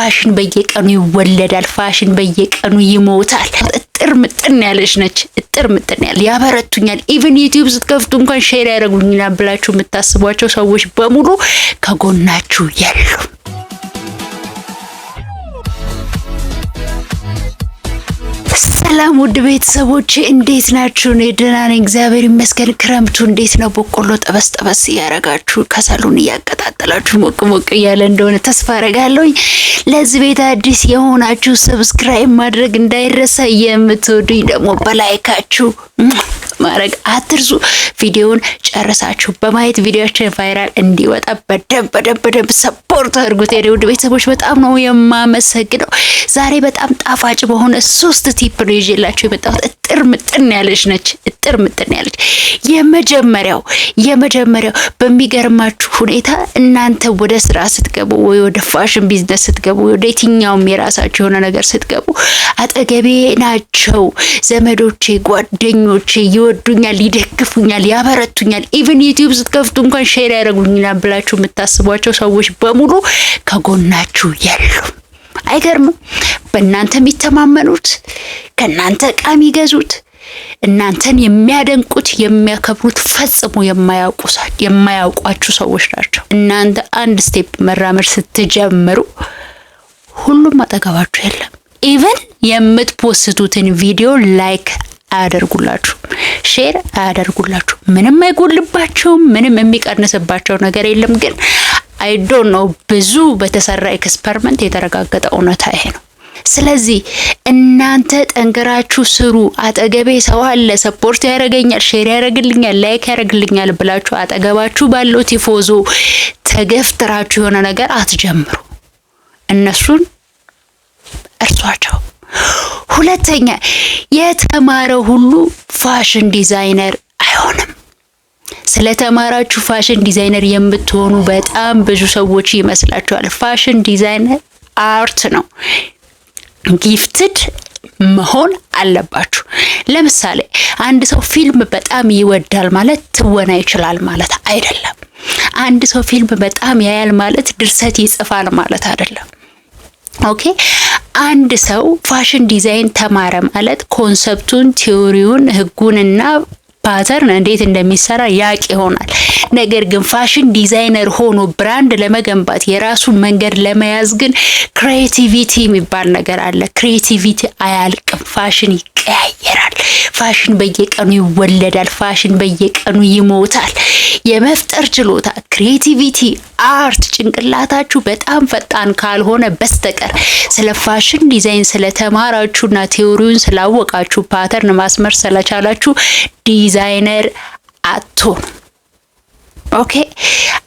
ፋሽን በየቀኑ ይወለዳል። ፋሽን በየቀኑ ይሞታል። እጥር ምጥን ያለች ነች። እጥር ምጥን ያለ ያበረቱኛል። ኢቨን ዩቲዩብ ስትከፍቱ እንኳን ሼር ያደረጉኝና ብላችሁ የምታስቧቸው ሰዎች በሙሉ ከጎናችሁ ያሉ ሰላም ውድ ቤተሰቦች እንዴት ናችሁ? እኔ ደህና ነኝ፣ እግዚአብሔር ይመስገን። ክረምቱ እንዴት ነው? በቆሎ ጠበስ ጠበስ እያረጋችሁ ከሰሉን እያቀጣጠላችሁ ሞቅ ሞቅ እያለ እንደሆነ ተስፋ አረጋለሁኝ። ለዚህ ቤት አዲስ የሆናችሁ ሰብስክራይብ ማድረግ እንዳይረሳ፣ የምትወዱኝ ደግሞ በላይካችሁ ማድረግ አትርሱ። ቪዲዮውን ጨርሳችሁ በማየት ቪዲዮችን ቫይራል እንዲወጣ በደንብ በደንብ በደንብ ሰፖርት አድርጉት። የኔ ውድ ቤተሰቦች በጣም ነው የማመሰግነው። ዛሬ በጣም ጣፋጭ በሆነ ሶስት ቲፕ ነው ይዤላችሁ የመጣሁት። እጥር ምጥን ያለች ነች ምጥር ምጥር ያለች የመጀመሪያው የመጀመሪያው በሚገርማችሁ ሁኔታ እናንተ ወደ ስራ ስትገቡ ወይ ወደ ፋሽን ቢዝነስ ስትገቡ ወደ የትኛውም የራሳችሁ የሆነ ነገር ስትገቡ አጠገቤ ናቸው ዘመዶቼ፣ ጓደኞቼ ይወዱኛል፣ ይደግፉኛል፣ ያበረቱኛል። ኢቨን ዩቲዩብ ስትከፍቱ እንኳን ሼር ያደረጉኛል ብላችሁ የምታስቧቸው ሰዎች በሙሉ ከጎናችሁ ያሉ አይገርምም? በእናንተ የሚተማመኑት ከእናንተ እቃ የሚገዙት እናንተን የሚያደንቁት የሚያከብሩት ፈጽሞ የማያውቋችሁ ሰዎች ናቸው። እናንተ አንድ ስቴፕ መራመድ ስትጀምሩ ሁሉም አጠገባችሁ የለም። ኢቨን የምትፖስቱትን ቪዲዮ ላይክ አያደርጉላችሁ፣ ሼር አያደርጉላችሁ። ምንም አይጎልባቸውም፣ ምንም የሚቀንስባቸው ነገር የለም። ግን አይዶን ነው ብዙ በተሰራ ኤክስፐሪመንት የተረጋገጠ እውነታ ይሄ ነው። ስለዚህ እናንተ ጠንክራችሁ ስሩ። አጠገቤ ሰው አለ፣ ሰፖርት ያደርገኛል፣ ሼር ያደርግልኛል፣ ላይክ ያደርግልኛል ብላችሁ አጠገባችሁ ባለው ቲፎዞ ተገፍትራችሁ የሆነ ነገር አትጀምሩ። እነሱን እርሷቸው። ሁለተኛ የተማረ ሁሉ ፋሽን ዲዛይነር አይሆንም። ስለተማራችሁ ፋሽን ዲዛይነር የምትሆኑ በጣም ብዙ ሰዎች ይመስላችኋል። ፋሽን ዲዛይነር አርት ነው። ጊፍትድ መሆን አለባችሁ። ለምሳሌ አንድ ሰው ፊልም በጣም ይወዳል ማለት ትወና ይችላል ማለት አይደለም። አንድ ሰው ፊልም በጣም ያያል ማለት ድርሰት ይጽፋል ማለት አይደለም። ኦኬ አንድ ሰው ፋሽን ዲዛይን ተማረ ማለት ኮንሰፕቱን፣ ቲዎሪውን፣ ህጉንና ፓተርን እንዴት እንደሚሰራ ያቅ ይሆናል። ነገር ግን ፋሽን ዲዛይነር ሆኖ ብራንድ ለመገንባት የራሱን መንገድ ለመያዝ ግን ክሬቲቪቲ የሚባል ነገር አለ። ክሬቲቪቲ አያልቅም። ፋሽን ይቀያየራል። ፋሽን በየቀኑ ይወለዳል። ፋሽን በየቀኑ ይሞታል። የመፍጠር ችሎታ፣ ክሬቲቪቲ፣ አርት ጭንቅላታችሁ በጣም ፈጣን ካልሆነ በስተቀር ስለ ፋሽን ዲዛይን ስለተማራችሁና ቴዎሪውን ስላወቃችሁ ፓተርን ማስመር ስለቻላችሁ ዲዛይነር አትሆኑ። ኦኬ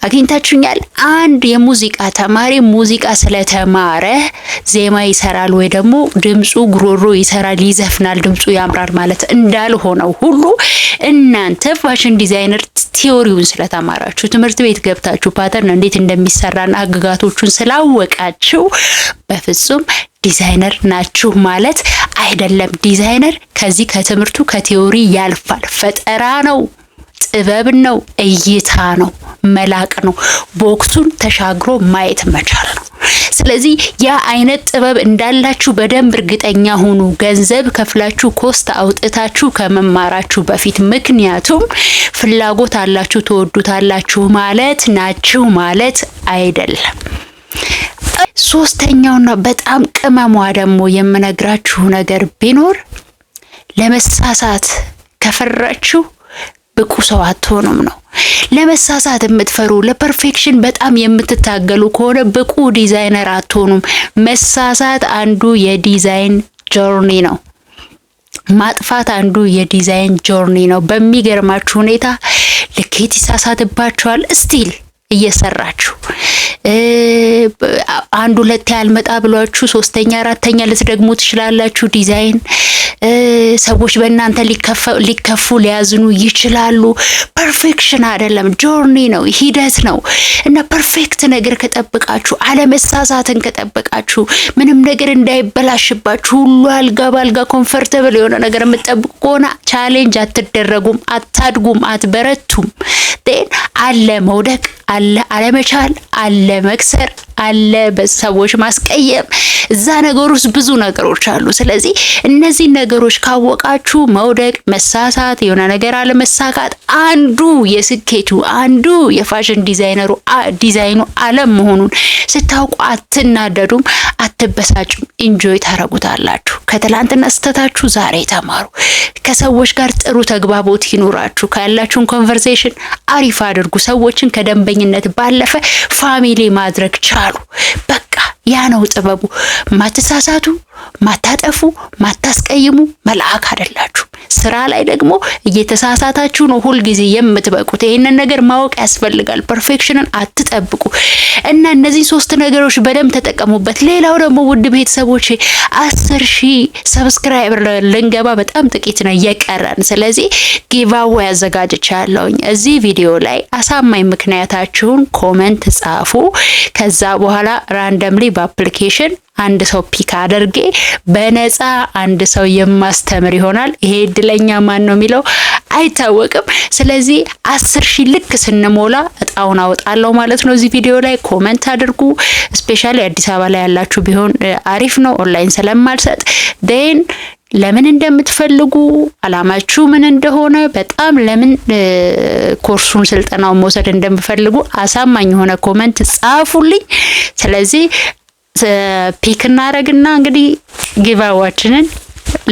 አግኝታችሁኛል። አንድ የሙዚቃ ተማሪ ሙዚቃ ስለተማረ ዜማ ይሰራል ወይ ደግሞ ድምፁ ጉሮሮ ይሰራል፣ ይዘፍናል፣ ድምፁ ያምራል ማለት እንዳልሆነው ሁሉ እናንተ ፋሽን ዲዛይነር ቲዮሪውን ስለተማራችሁ ትምህርት ቤት ገብታችሁ ፓተርን እንዴት እንደሚሰራና ህግጋቶቹን ስላወቃችሁ በፍጹም ዲዛይነር ናችሁ ማለት አይደለም። ዲዛይነር ከዚህ ከትምህርቱ ከቲዮሪ ያልፋል፣ ፈጠራ ነው። ጥበብ ነው፣ እይታ ነው፣ መላቅ ነው፣ በወቅቱን ተሻግሮ ማየት መቻል ነው። ስለዚህ ያ አይነት ጥበብ እንዳላችሁ በደንብ እርግጠኛ ሁኑ፣ ገንዘብ ከፍላችሁ ኮስት አውጥታችሁ ከመማራችሁ በፊት። ምክንያቱም ፍላጎት አላችሁ ትወዱታላችሁ ማለት ናችሁ ማለት አይደለም። ሶስተኛውና በጣም ቅመሟ ደግሞ የምነግራችሁ ነገር ቢኖር ለመሳሳት ከፈራችሁ ብቁ ሰው አትሆኑም ነው። ለመሳሳት የምትፈሩ ለፐርፌክሽን በጣም የምትታገሉ ከሆነ ብቁ ዲዛይነር አትሆኑም። መሳሳት አንዱ የዲዛይን ጆርኒ ነው። ማጥፋት አንዱ የዲዛይን ጆርኒ ነው። በሚገርማችሁ ሁኔታ ልኬት ይሳሳትባቸዋል ስቲል እየሰራችሁ አንድ ሁለት ያልመጣ ብሏችሁ ሶስተኛ አራተኛ ልትደግሙ ትችላላችሁ። ዲዛይን ሰዎች በእናንተ ሊከፉ ሊያዝኑ ይችላሉ። ፐርፌክሽን አይደለም፣ ጆርኒ ነው፣ ሂደት ነው እና ፐርፌክት ነገር ከጠበቃችሁ፣ አለመሳሳትን ከጠበቃችሁ፣ ምንም ነገር እንዳይበላሽባችሁ ሁሉ አልጋ በአልጋ ኮንፈርተብል የሆነ ነገር የምጠብቁ ከሆነ ቻሌንጅ አትደረጉም፣ አታድጉም፣ አትበረቱም። ን አለ መውደቅ፣ አለ አለመቻል፣ አለ መክሰር አለ፣ በሰዎች ማስቀየም እዛ ነገር ውስጥ ብዙ ነገሮች አሉ። ስለዚህ እነዚህ ነገሮች ካወቃችሁ መውደቅ፣ መሳሳት፣ የሆነ ነገር አለመሳካት አንዱ የስኬቱ አንዱ የፋሽን ዲዛይነሩ ዲዛይኑ አለም መሆኑን ስታውቁ አትናደዱም፣ አትበሳጩም፣ ኢንጆይ ታረጉታላችሁ። ከትላንትና ስህተታችሁ ዛሬ ተማሩ። ከሰዎች ጋር ጥሩ ተግባቦት ይኖራችሁ። ካላችሁን ኮንቨርሴሽን አሪፍ አድርጉ። ሰዎችን ከደንበኝነት ባለፈ ፋሚሊ ማድረግ ቻሉ። አሉ። በቃ ያ ነው ጥበቡ። ማትሳሳቱ፣ ማታጠፉ፣ ማታስቀይሙ መልአክ አይደላችሁ። ስራ ላይ ደግሞ እየተሳሳታችሁ ነው ሁልጊዜ የምትበቁት። ይህንን ነገር ማወቅ ያስፈልጋል። ፐርፌክሽንን አትጠብቁ እና እነዚህ ሶስት ነገሮች በደንብ ተጠቀሙበት። ሌላው ደግሞ ውድ ቤተሰቦች አስር ሺህ ሰብስክራይበር ልንገባ በጣም ጥቂት ነው የቀረን። ስለዚህ ጊቫዌ አዘጋጅቻለሁኝ። እዚህ ቪዲዮ ላይ አሳማኝ ምክንያታችሁን ኮመንት ጻፉ። ከዛ በኋላ ራንደምሊ በአፕሊኬሽን አንድ ሰው ፒክ አድርጌ በነፃ አንድ ሰው የማስተምር ይሆናል። ይሄ እድለኛ ማን ነው የሚለው አይታወቅም። ስለዚህ አስር ሺህ ልክ ስንሞላ እጣውን አወጣለሁ ማለት ነው። እዚህ ቪዲዮ ላይ ኮመንት አድርጉ። ስፔሻሊ አዲስ አበባ ላይ ያላችሁ ቢሆን አሪፍ ነው፣ ኦንላይን ስለማልሰጥ ዴን ለምን እንደምትፈልጉ አላማችሁ ምን እንደሆነ በጣም ለምን ኮርሱን ስልጠናውን መውሰድ እንደምፈልጉ አሳማኝ የሆነ ኮመንት ጻፉልኝ። ስለዚህ ፒክ እናደረግና እንግዲህ ጊቫዋችንን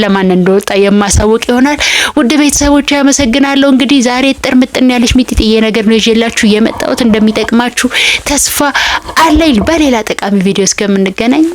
ለማን እንደወጣ የማሳወቅ ይሆናል። ውድ ቤተሰቦች ያመሰግናለሁ። እንግዲህ ዛሬ ጥር ምጥን ያለች ሚጢጥዬ ነገር ነው ይዤላችሁ የመጣሁት። እንደሚጠቅማችሁ ተስፋ አለኝ። በሌላ ጠቃሚ ቪዲዮ እስከምንገናኝ